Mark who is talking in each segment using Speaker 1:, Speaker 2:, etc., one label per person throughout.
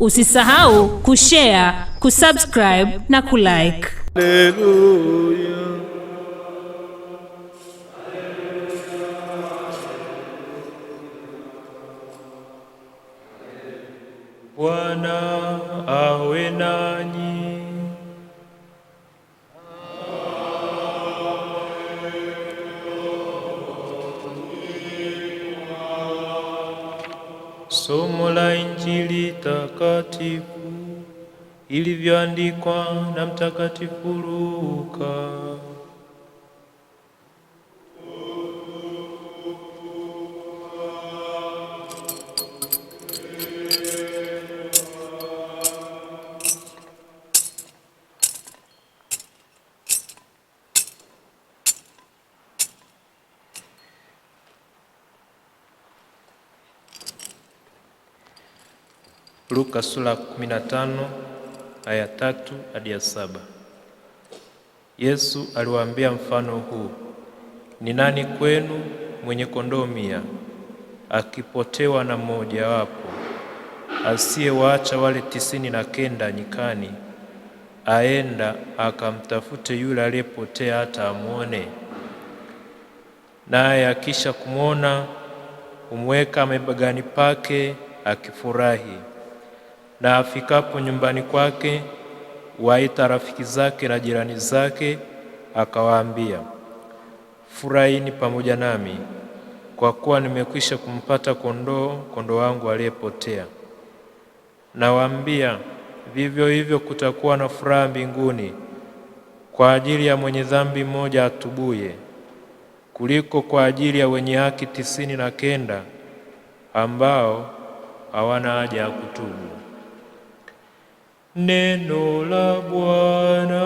Speaker 1: Usisahau kushare, kusubscribe na kulike.
Speaker 2: Haleluya. Bwana awe nanyi. Somo la Injili mtakatifu ilivyoandikwa na mtakatifu Luka.
Speaker 3: Luka sura 15 aya tatu hadi ya saba. Yesu aliwaambia mfano huu: ni nani kwenu mwenye kondoo mia akipotewa na mmojawapo, asiyewaacha wale tisini na kenda nyikani, aenda akamtafute yule aliyepotea hata amwone? Naye akisha kumwona, humweka mabegani pake akifurahi na afikapo nyumbani kwake waita rafiki zake na jirani zake, akawaambia, furahini pamoja nami, kwa kuwa nimekwisha kumpata kondoo kondoo wangu aliyepotea. Nawaambia, vivyo hivyo kutakuwa na furaha mbinguni kwa ajili ya mwenye dhambi mmoja atubuye kuliko kwa ajili ya wenye haki tisini na kenda ambao hawana haja ya kutubu. Neno la Bwana.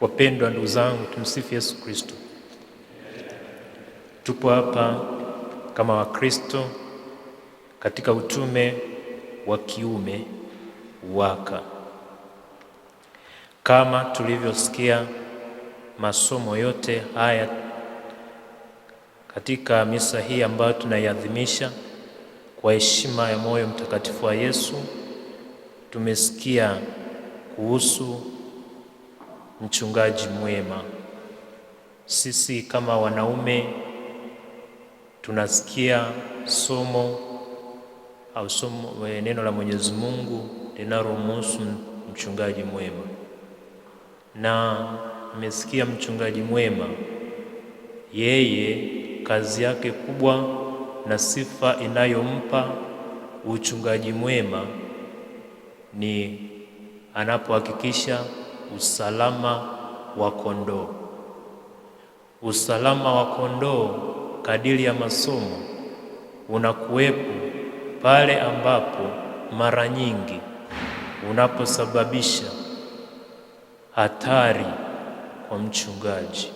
Speaker 3: Wapendwa ndugu zangu, tumsifu Yesu Kristo. Tupo hapa kama Wakristo katika utume wa kiume waka. Kama tulivyosikia masomo yote haya katika misa hii ambayo tunaiadhimisha kwa heshima ya moyo mtakatifu wa Yesu, tumesikia kuhusu mchungaji mwema. Sisi kama wanaume tunasikia somo au somo, eh, neno la Mwenyezi Mungu linalomhusu mchungaji mwema. Na mmesikia mchungaji mwema, yeye kazi yake kubwa na sifa inayompa uchungaji mwema ni anapohakikisha usalama wa kondoo. Usalama wa kondoo kadiri ya masomo unakuwepo pale ambapo mara nyingi unaposababisha hatari kwa mchungaji.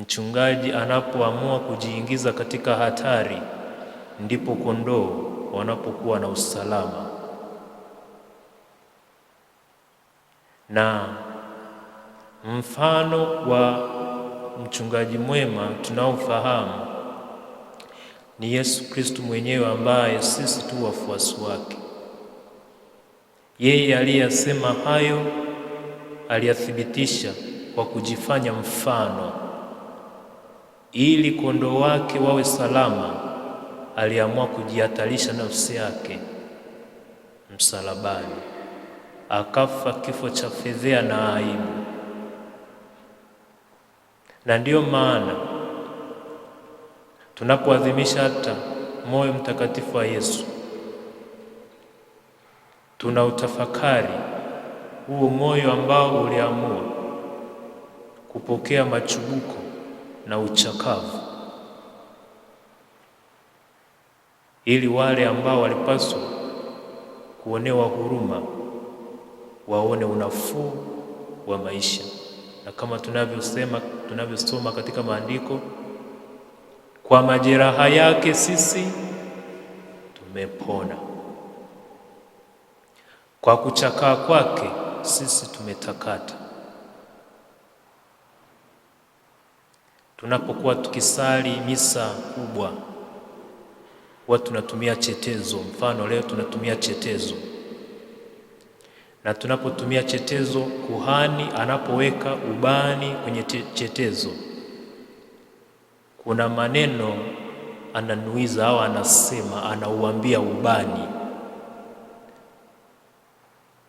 Speaker 3: Mchungaji anapoamua kujiingiza katika hatari, ndipo kondoo wanapokuwa na usalama. Na mfano wa mchungaji mwema tunaofahamu ni Yesu Kristo mwenyewe ambaye sisi tu wafuasi wake. Yeye aliyeyasema hayo aliyathibitisha kwa kujifanya mfano, ili kondoo wake wawe salama. Aliamua kujihatarisha nafsi yake msalabani, akafa kifo cha fedhea na aibu. Na ndiyo maana tunapoadhimisha hata moyo mtakatifu wa Yesu tuna utafakari huo moyo ambao uliamua kupokea machubuko na uchakavu, ili wale ambao walipaswa kuonewa huruma waone unafuu wa maisha, na kama tunavyosema, tunavyosoma katika maandiko, kwa majeraha yake sisi tumepona. Kwa kuchakaa kwake sisi tumetakata. Tunapokuwa tukisali misa kubwa, huwa tunatumia chetezo. Mfano leo tunatumia chetezo, na tunapotumia chetezo, kuhani anapoweka ubani kwenye chetezo, kuna maneno ananuiza au anasema, anauambia ubani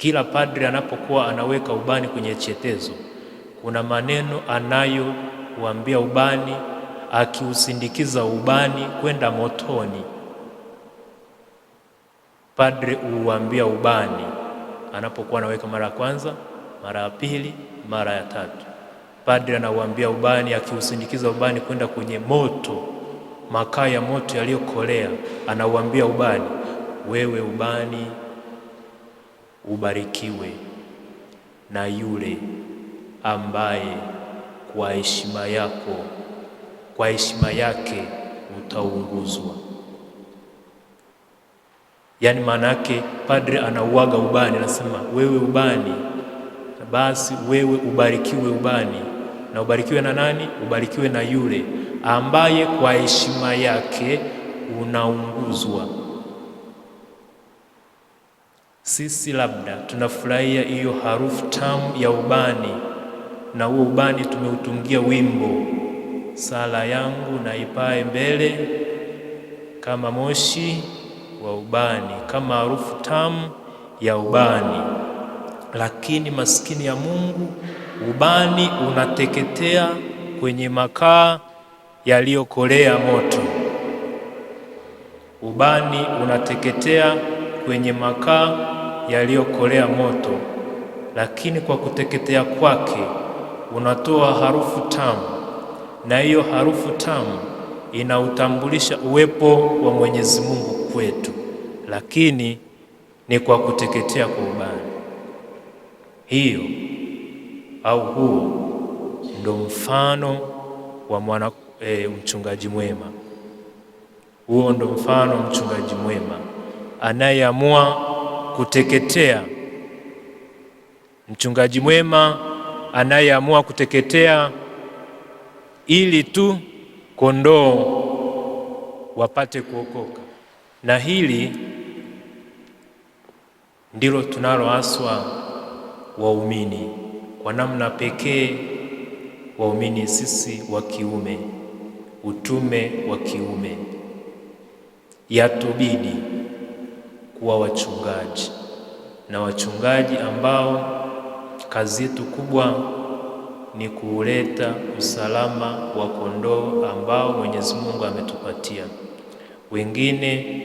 Speaker 3: kila padri anapokuwa anaweka ubani kwenye chetezo, kuna maneno anayouambia ubani, akiusindikiza ubani kwenda motoni. Padri uuambia ubani anapokuwa anaweka mara ya kwanza, mara ya pili, mara ya tatu. Padri anauambia ubani, akiusindikiza ubani kwenda kwenye moto, makaa ya moto yaliyokolea. Anauambia ubani, wewe ubani ubarikiwe na yule ambaye kwa heshima yako, kwa heshima yake utaunguzwa. Yaani maana yake padre anauaga ubani, anasema wewe ubani, basi wewe ubarikiwe ubani, na ubarikiwe na nani? Ubarikiwe na yule ambaye kwa heshima yake unaunguzwa. Sisi labda tunafurahia hiyo harufu tamu ya ubani, na huo ubani tumeutungia wimbo, sala yangu naipae mbele kama moshi wa ubani, kama harufu tamu ya ubani. Lakini maskini ya Mungu, ubani unateketea kwenye makaa yaliyokolea moto, ubani unateketea kwenye makaa yaliyokolea moto, lakini kwa kuteketea kwake unatoa harufu tamu, na hiyo harufu tamu inautambulisha uwepo wa Mwenyezi Mungu kwetu, lakini ni kwa kuteketea kwa ubani. Hiyo au huo ndo mfano wa mwana, e, mchungaji mwema. Huo ndo mfano mchungaji mwema anayeamua kuteketea, mchungaji mwema anayeamua kuteketea ili tu kondoo wapate kuokoka. Na hili ndilo tunaloaswa waumini, kwa namna pekee waumini sisi wa kiume, utume wa kiume, yatubidi wa wachungaji na wachungaji ambao kazi yetu kubwa ni kuuleta usalama wa kondoo ambao Mwenyezi Mungu ametupatia. Wengine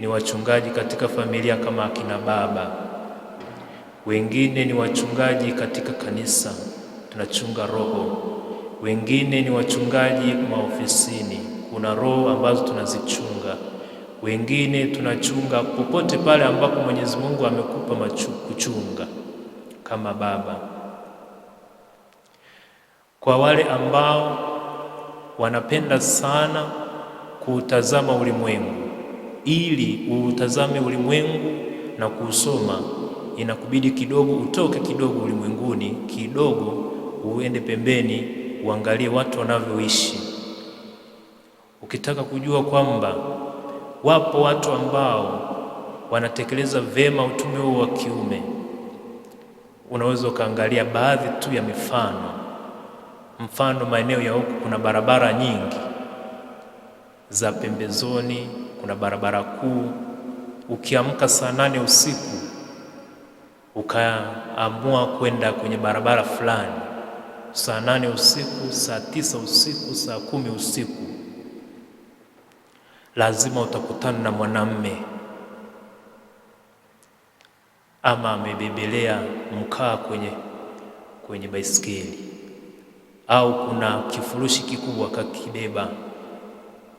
Speaker 3: ni wachungaji katika familia kama akina baba, wengine ni wachungaji katika kanisa, tunachunga roho, wengine ni wachungaji maofisini, kuna roho ambazo tunazichunga wengine tunachunga popote pale ambapo Mwenyezi Mungu amekupa machu, kuchunga kama baba. Kwa wale ambao wanapenda sana kuutazama ulimwengu, ili uutazame ulimwengu na kuusoma, inakubidi kidogo utoke kidogo ulimwenguni, kidogo uende pembeni, uangalie watu wanavyoishi, ukitaka kujua kwamba wapo watu ambao wanatekeleza vema utume huo wa kiume. Unaweza ukaangalia baadhi tu ya mifano, mfano maeneo ya huku kuna barabara nyingi za pembezoni, kuna barabara kuu. Ukiamka saa nane usiku ukaamua kwenda kwenye barabara fulani, saa nane usiku, saa tisa usiku, saa kumi usiku lazima utakutana na mwanamme ama amebebelea mkaa kwenye, kwenye baisikeli au kuna kifurushi kikubwa kakibeba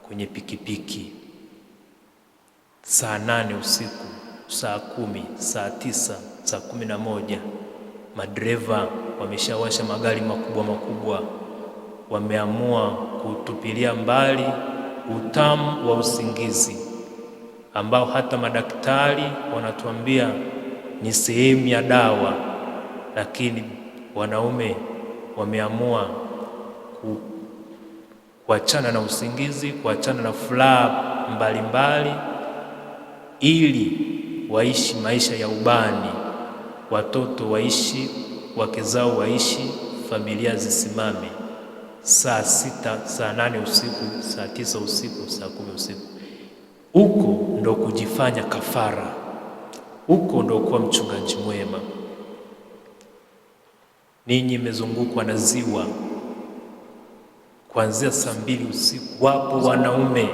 Speaker 3: kwenye pikipiki. Saa nane usiku, saa kumi, saa tisa, saa kumi na moja, madereva wameshawasha magari makubwa makubwa, wameamua kutupilia mbali utamu wa usingizi ambao hata madaktari wanatuambia ni sehemu ya dawa, lakini wanaume wameamua kuachana na usingizi, kuachana na furaha mbalimbali ili waishi maisha ya ubani, watoto waishi, wake zao waishi, familia zisimame saa sita, saa nane usiku, saa tisa usiku, saa kumi usiku. Huko ndo kujifanya kafara, huko ndo kuwa mchungaji mwema. Ninyi mmezungukwa na ziwa kuanzia saa mbili usiku, wapo wanaume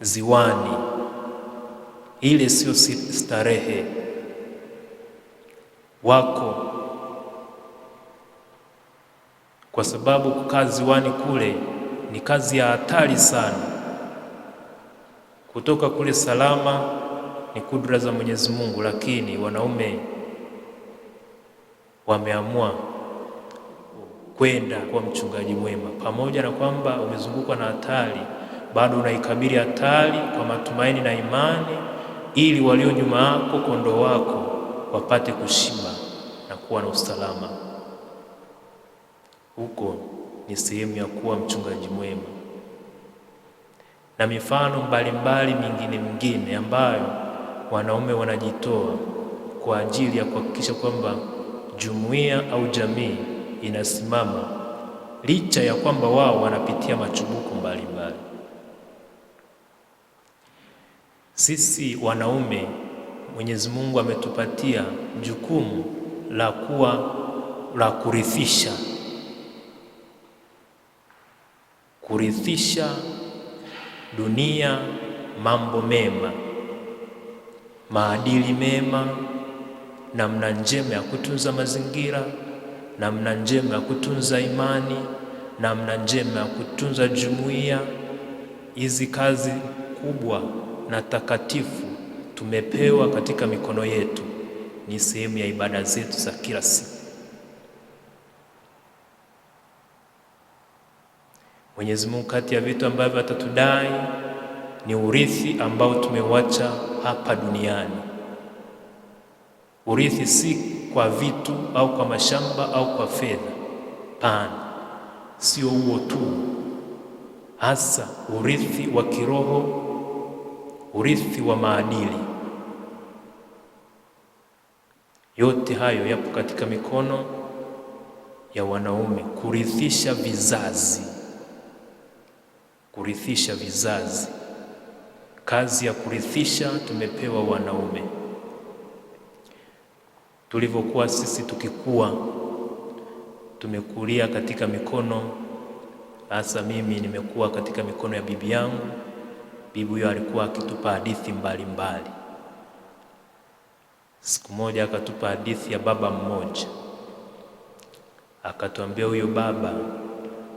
Speaker 3: ziwani. Ile sio starehe, wako kwa sababu kukaa ziwani kule ni kazi ya hatari sana. Kutoka kule salama ni kudra za Mwenyezi Mungu, lakini wanaume wameamua kwenda kwa mchungaji mwema, pamoja na kwamba umezungukwa na hatari, bado unaikabili hatari kwa matumaini na imani, ili walio nyuma yako, kondoo wako, wapate kushiba na kuwa na usalama huko ni sehemu ya kuwa mchungaji mwema, na mifano mbalimbali mingine mingine ambayo wanaume wanajitoa kwa ajili ya kuhakikisha kwamba jumuiya au jamii inasimama licha ya kwamba wao wanapitia machubuko mbalimbali. Sisi wanaume Mwenyezi Mungu ametupatia jukumu la kuwa la kurithisha kurithisha dunia mambo mema, maadili mema, namna njema ya kutunza mazingira, namna njema ya kutunza imani, namna njema ya kutunza jumuiya. Hizi kazi kubwa na takatifu tumepewa katika mikono yetu, ni sehemu ya ibada zetu za kila siku. Mwenyezi Mungu, kati ya vitu ambavyo atatudai ni urithi ambao tumewacha hapa duniani. Urithi si kwa vitu au kwa mashamba au kwa fedha, pana, sio huo tu, hasa urithi wa kiroho, urithi wa maadili. Yote hayo yapo katika mikono ya wanaume kurithisha vizazi kurithisha vizazi. Kazi ya kurithisha tumepewa wanaume. Tulivyokuwa sisi tukikua, tumekulia katika mikono, hasa mimi nimekuwa katika mikono ya bibi yangu. Bibi huyo alikuwa akitupa hadithi mbalimbali. Siku moja akatupa hadithi ya baba mmoja, akatuambia huyo baba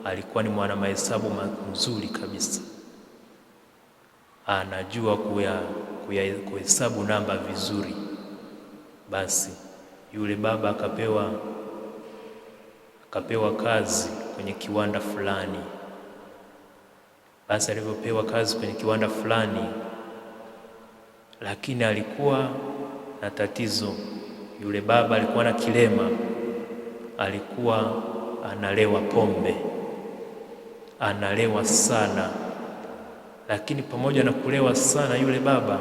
Speaker 3: alikuwa ni mwana mahesabu mzuri kabisa, anajua kuhesabu namba vizuri. Basi yule baba akapewa akapewa kazi kwenye kiwanda fulani. Basi alivyopewa kazi kwenye kiwanda fulani, lakini alikuwa na tatizo. Yule baba alikuwa na kilema, alikuwa analewa pombe analewa sana, lakini pamoja na kulewa sana, yule baba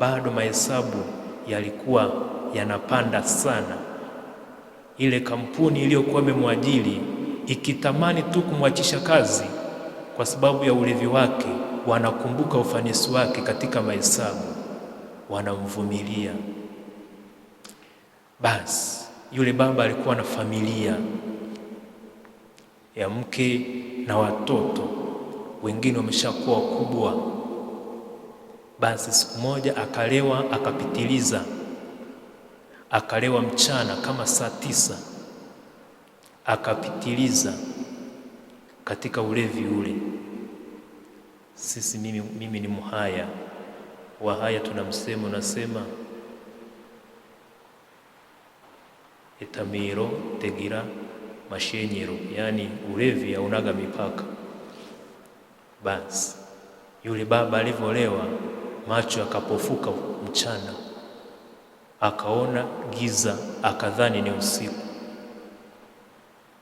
Speaker 3: bado mahesabu yalikuwa yanapanda sana. Ile kampuni iliyokuwa imemwajiri ikitamani tu kumwachisha kazi kwa sababu ya ulevi wake, wanakumbuka ufanisi wake katika mahesabu, wanamvumilia. Basi yule baba alikuwa na familia ya mke na watoto wengine wameshakuwa wakubwa. Basi siku moja akalewa, akapitiliza, akalewa mchana kama saa tisa, akapitiliza katika ulevi ule. Sisi mimi, mimi ni Mhaya, Wahaya tuna msemo unasema etamiro tegira mashenyero, yani ulevi haunaga mipaka. Basi yule baba alivyolewa, macho akapofuka mchana, akaona giza, akadhani ni usiku.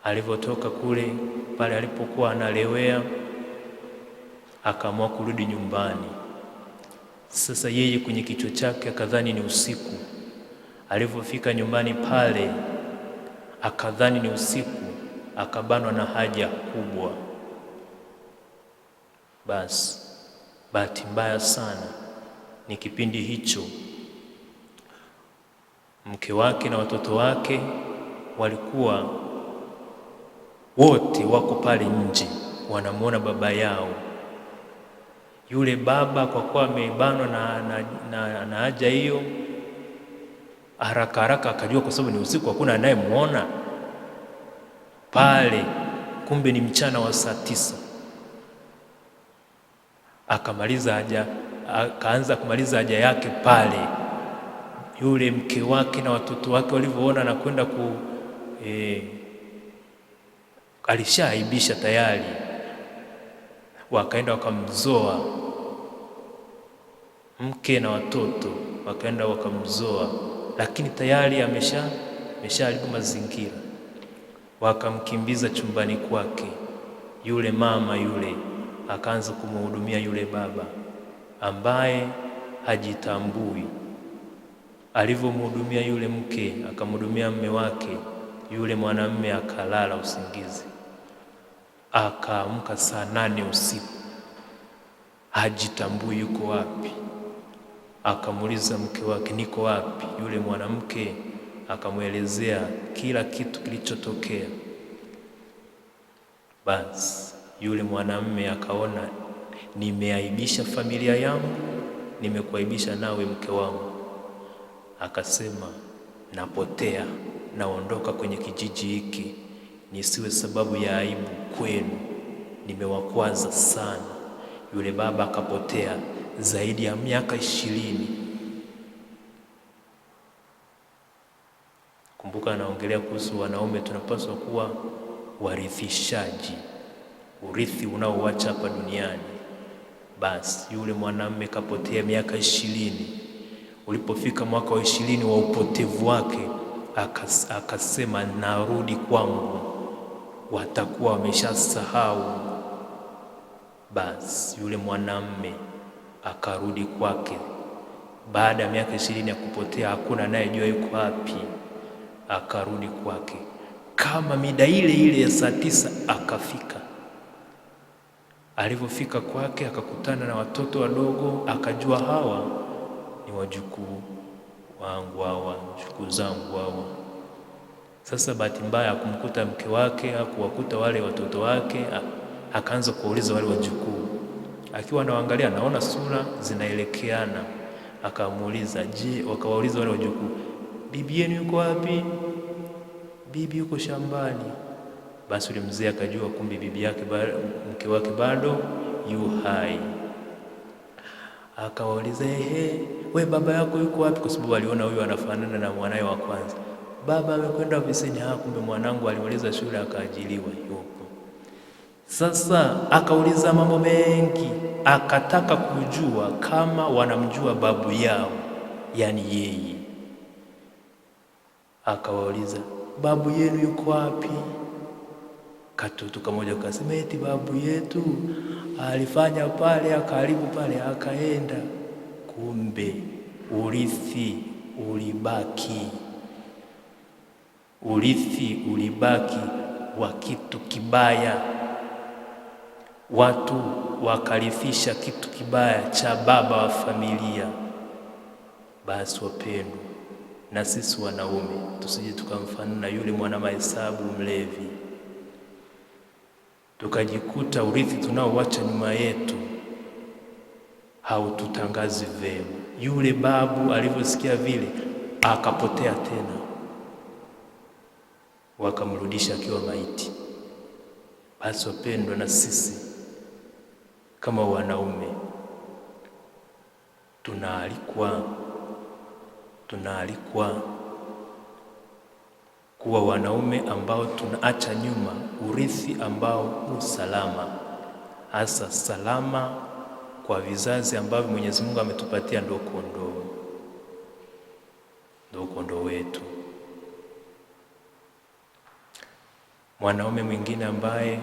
Speaker 3: Alivyotoka kule pale alipokuwa analewea, akaamua kurudi nyumbani. Sasa yeye kwenye kichwa chake akadhani ni usiku. Alivyofika nyumbani pale akadhani ni usiku, akabanwa na haja kubwa. Basi bahati mbaya sana, ni kipindi hicho mke wake na watoto wake walikuwa wote wako pale nje wanamwona baba yao. Yule baba kwa kuwa amebanwa na, na, na, na haja hiyo haraka haraka akajua kwa sababu ni usiku, hakuna anayemwona pale, kumbe ni mchana wa saa tisa. Akamaliza haja, akaanza kumaliza haja yake pale. Yule mke wake na watoto wake walivyoona na kwenda ku eh, alishaaibisha tayari, wakaenda wakamzoa mke na watoto, wakaenda wakamzoa lakini tayari amesha ameshaharibu mazingira. Wakamkimbiza chumbani kwake, yule mama yule akaanza kumhudumia yule baba ambaye hajitambui. Alivyomhudumia yule mke, akamhudumia mme wake, yule mwanamme akalala usingizi, akaamka saa nane usiku, hajitambui yuko wapi. Akamuuliza mke wake, niko wapi? Yule mwanamke akamwelezea kila kitu kilichotokea. Basi yule mwanamume akaona, nimeaibisha familia yangu, nimekuaibisha nawe mke wangu. Akasema, napotea, naondoka kwenye kijiji hiki, nisiwe sababu ya aibu kwenu, nimewakwaza sana. Yule baba akapotea zaidi ya miaka ishirini. Kumbuka anaongelea kuhusu wanaume, tunapaswa kuwa warithishaji, urithi unaoacha hapa duniani. Basi yule mwanamume kapotea miaka ishirini, ulipofika mwaka wa ishirini wa upotevu wake akas, akasema narudi kwangu, watakuwa wameshasahau. Basi yule mwanamume akarudi kwake. Baada ya miaka ishirini ya kupotea, hakuna anayejua yuko wapi, akarudi kwake kama mida ile ile ya saa tisa akafika. Alivyofika kwake, akakutana na watoto wadogo, akajua hawa ni wajukuu wangu, hawa jukuu zangu hawa. Sasa bahati mbaya akumkuta mke wake, hakuwakuta wale watoto wake, akaanza kuwauliza wale wajukuu Akiwa anaangalia, anaona sura zinaelekeana, akamuuliza je, wakawauliza wale wajukuu, bibi yenu yuko wapi? Bibi yuko shambani. Basi yule mzee akajua kumbe bibi yake mke wake bado yu hai. Akawauliza, ehe, we baba yako yuko wapi? Kwa sababu aliona huyu anafanana na mwanaye wa kwanza. Baba amekwenda ofisini. Ha, ah, kumbe mwanangu aliuliza shule akaajiliwa. Yupo. Sasa akauliza mambo mengi, akataka kujua kama wanamjua babu yao, yani yeye. Akawauliza, babu yenu yuko wapi? Katoto kamoja kasema eti babu yetu alifanya pale, akaribu pale, akaenda. Kumbe urithi ulibaki, urithi ulibaki wa kitu kibaya watu wakarithisha kitu kibaya cha baba wa familia. Basi wapendwa, na sisi wanaume tusije tukamfanana yule mwana mahesabu mlevi, tukajikuta urithi tunaowacha nyuma yetu haututangazi vema. Yule babu alivyosikia vile, akapotea tena, wakamrudisha akiwa maiti. Basi wapendwa, na sisi kama wanaume tunaalikwa, tunaalikwa kuwa wanaume ambao tunaacha nyuma urithi ambao ni salama, hasa salama kwa vizazi ambavyo Mwenyezi Mungu ametupatia, ndio kondoo, ndio kondoo wetu. Mwanaume mwingine ambaye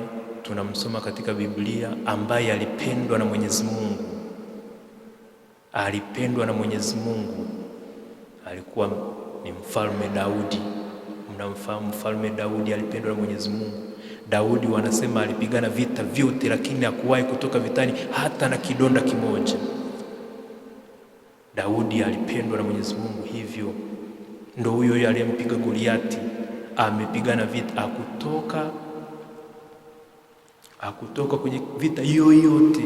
Speaker 3: tunamsoma katika Biblia ambaye alipendwa na Mwenyezi Mungu, alipendwa na Mwenyezi Mungu, alikuwa ni mfalme Daudi. Mnamfahamu mfalme Daudi, alipendwa na Mwenyezi Mungu. Daudi wanasema alipigana vita vyote, lakini hakuwahi kutoka vitani hata na kidonda kimoja. Daudi alipendwa na Mwenyezi Mungu, hivyo ndo huyo aliyempiga Goliati, amepigana vita akutoka hakutoka kwenye vita yoyote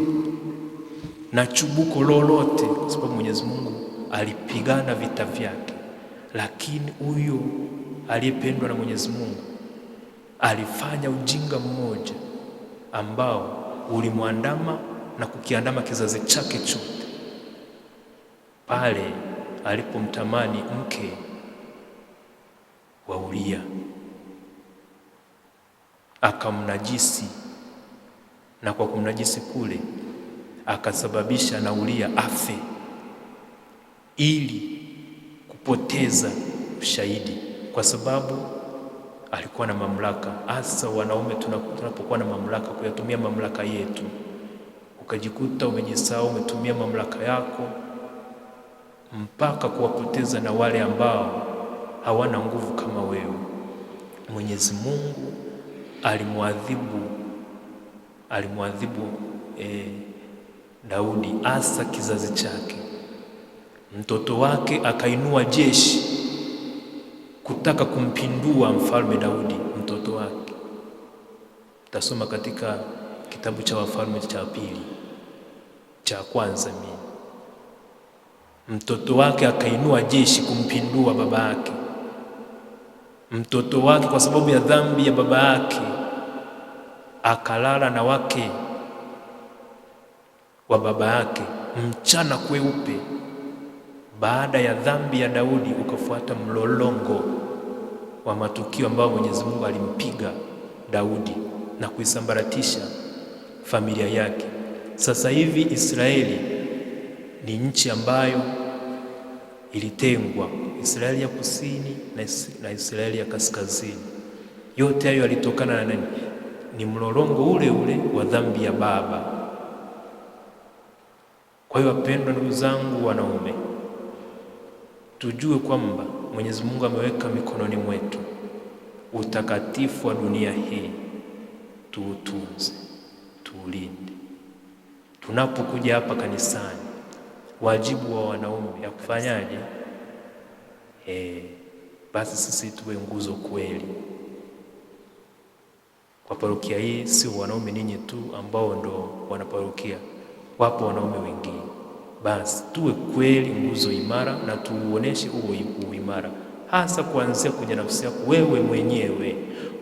Speaker 3: na chubuko lolote, kwa sababu Mwenyezi Mungu alipigana vita vyake. Lakini huyo aliyependwa na Mwenyezi Mungu alifanya ujinga mmoja ambao ulimwandama na kukiandama kizazi chake chote, pale alipomtamani mke wa Uria akamnajisi na kwa kumnajisi kule akasababisha naulia afe ili kupoteza ushahidi, kwa sababu alikuwa na mamlaka. Hasa wanaume tunapokuwa na mamlaka, kuyatumia mamlaka yetu, ukajikuta umejisahau, umetumia mamlaka yako mpaka kuwapoteza na wale ambao hawana nguvu kama wewe. Mwenyezi Mungu alimwadhibu alimwadhibu e, Daudi hasa kizazi chake. Mtoto wake akainua jeshi kutaka kumpindua mfalme Daudi, mtoto wake. Tasoma katika kitabu cha Wafalme cha pili cha kwanza mimi. Mtoto wake akainua jeshi kumpindua baba yake, mtoto wake kwa sababu ya dhambi ya baba yake akalala na wake wa baba yake mchana kweupe. Baada ya dhambi ya Daudi ukafuata mlolongo wa matukio ambayo Mwenyezi Mungu alimpiga Daudi na kuisambaratisha familia yake. Sasa hivi Israeli ni nchi ambayo ilitengwa, Israeli ya kusini na Israeli ya kaskazini. Yote hayo yalitokana na nani? ni mlolongo ule ule wa dhambi ya baba. Kwa hiyo, wapendwa ndugu zangu wanaume, tujue kwamba Mwenyezi Mungu ameweka mikononi mwetu utakatifu wa dunia hii, tuutunze, tuulinde. Tunapokuja hapa kanisani, wajibu wa wanaume ya kufanyaje? Eh, basi sisi tuwe nguzo kweli. Kwa parokia hii sio wanaume ninyi tu ambao ndo wanaparokia, wapo wanaume wengine. Basi tuwe kweli nguzo imara na tuuoneshe huo uimara, hasa kuanzia kwenye nafsi yako wewe mwenyewe.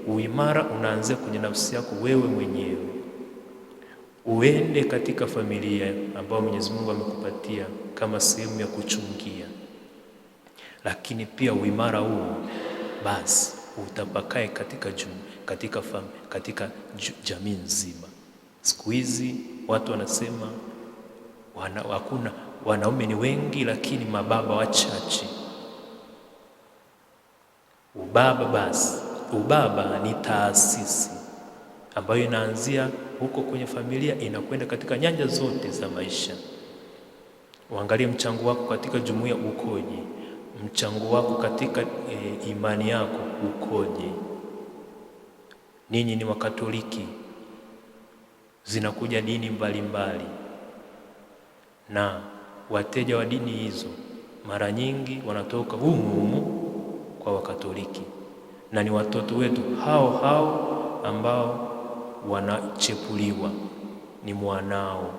Speaker 3: Uimara unaanzia kwenye nafsi yako wewe mwenyewe, uende katika familia ambayo Mwenyezi Mungu amekupatia kama sehemu ya kuchungia, lakini pia uimara huo basi utapakae katika jumuiya katika fam, katika jamii nzima. Siku hizi watu wanasema wana, hakuna wanaume ni wengi lakini mababa wachache. Ubaba basi, ubaba ni taasisi ambayo inaanzia huko kwenye familia inakwenda katika nyanja zote za maisha. Uangalie mchango wako katika jumuiya ukoje, mchango wako katika e, imani yako ukoje ninyi ni Wakatoliki, zinakuja dini mbalimbali mbali. Na wateja wa dini hizo mara nyingi wanatoka humu humu kwa Wakatoliki, na ni watoto wetu hao hao ambao wanachepuliwa, ni mwanao,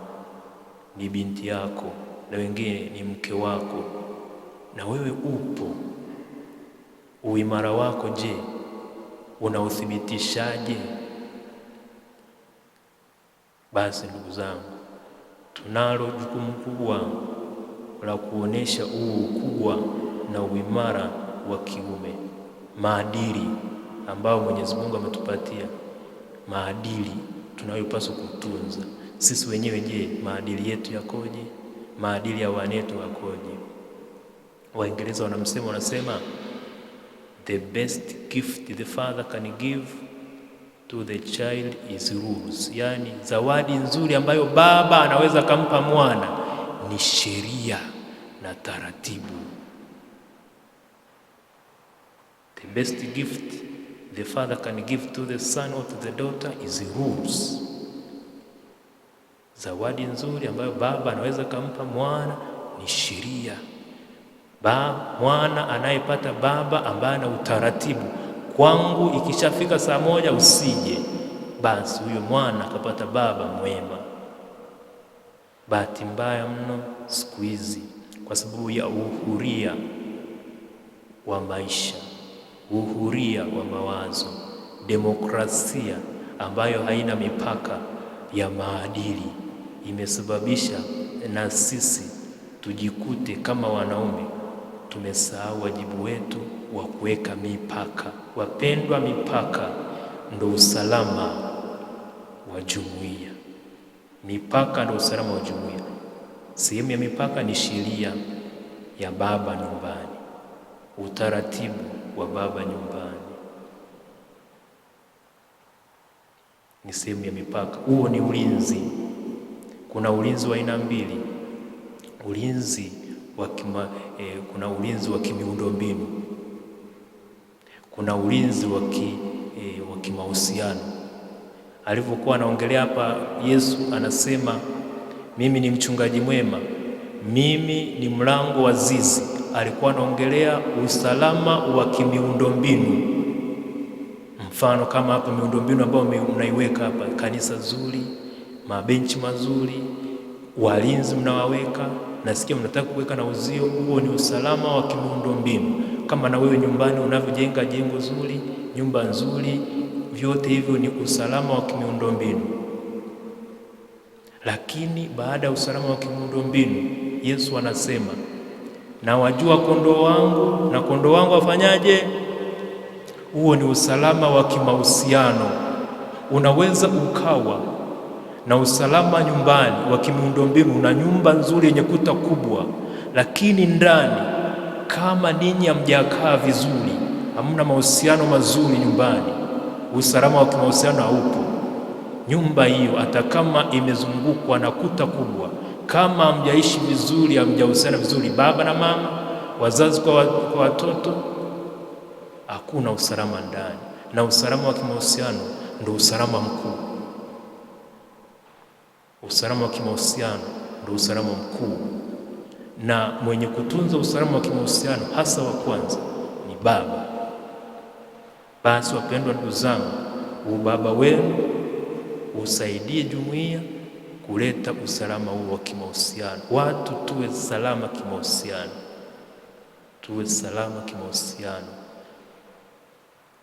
Speaker 3: ni binti yako, na wengine ni mke wako, na wewe upo. Uimara wako je? unauthibitishaje? Basi ndugu zangu, tunalo jukumu kubwa la kuonesha huu ukubwa na uimara wa kiume, maadili ambayo Mwenyezi Mungu ametupatia, maadili tunayopaswa kutunza sisi wenyewe. Je, maadili yetu yakoje? Maadili ya wanetu wakoje Waingereza wanamsema wanasema The best gift the father can give to the child is rules, Yani, zawadi nzuri ambayo baba anaweza kampa mwana ni sheria na taratibu. The best gift the father can give to the son or to the daughter is rules. Zawadi nzuri ambayo baba anaweza kampa mwana ni sheria ba, mwana anayepata baba ambaye ana utaratibu kwangu, ikishafika saa moja usije, basi huyo mwana akapata baba mwema. Bahati mbaya mno siku hizi, kwa sababu ya uhuria wa maisha, uhuria wa mawazo, demokrasia ambayo haina mipaka ya maadili, imesababisha na sisi tujikute kama wanaume tumesahau wajibu wetu wa kuweka mipaka. Wapendwa, mipaka ndo usalama wa jumuiya. Mipaka ndo usalama wa jumuiya. Sehemu ya mipaka ni sheria ya baba nyumbani, utaratibu wa baba nyumbani ni sehemu ya mipaka. Huo ni ulinzi. Kuna ulinzi wa aina mbili, ulinzi wa kima, eh, kuna ulinzi wa kimiundombinu, kuna ulinzi wa ki, e, wa kimahusiano. Alivyokuwa anaongelea hapa Yesu anasema mimi ni mchungaji mwema, mimi ni mlango wa zizi. Alikuwa anaongelea usalama wa kimiundombinu, mfano kama hapa miundombinu ambayo mnaiweka hapa, kanisa zuri, mabenchi mazuri, walinzi mnawaweka nasikia mnataka kuweka na uzio huo, ni usalama wa mbinu. Kama na wewe nyumbani unavyojenga jengo zuri, nyumba nzuri, vyote hivyo ni usalama wa kimiundombinu. Lakini baada ya usalama wa mbinu Yesu anasema na wajua kondoo wangu na kondoo wangu wafanyaje? Huo ni usalama wa kimahusiano. Unaweza ukawa na usalama nyumbani wa kimiundombinu na nyumba nzuri yenye kuta kubwa, lakini ndani kama ninyi hamjakaa vizuri, hamna mahusiano mazuri nyumbani, usalama wa kimahusiano haupo, nyumba hiyo hata kama imezungukwa na kuta kubwa, kama hamjaishi vizuri, hamjahusiana vizuri, baba na mama, wazazi kwa watoto, hakuna usalama ndani, na usalama wa kimahusiano ndio usalama mkuu. Usalama wa kimahusiano ndio usalama mkuu, na mwenye kutunza usalama wa kimahusiano hasa wa kwanza ni baba. Basi wapendwa ndugu zangu, ubaba wenu usaidie jumuiya kuleta usalama huo wa kimahusiano. Watu tuwe salama kimahusiano, tuwe salama kimahusiano,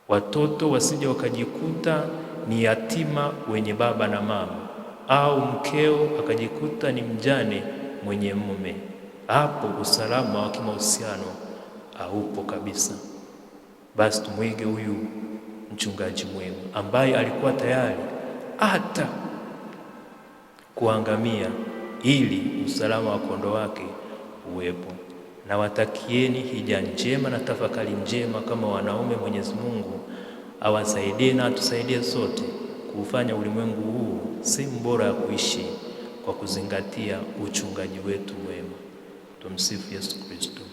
Speaker 3: watoto wasije wakajikuta ni yatima wenye baba na mama au mkeo akajikuta ni mjane mwenye mume, hapo usalama wa kimahusiano haupo kabisa. Basi tumwige huyu mchungaji mwema ambaye alikuwa tayari hata kuangamia ili usalama wa kondoo wake uwepo. Na watakieni hija njema na tafakari njema kama wanaume. Mwenyezi Mungu awasaidie na atusaidie sote kuufanya ulimwengu huu sehemu bora ya kuishi kwa kuzingatia uchungaji wetu wema. Tumsifu Yesu Kristo.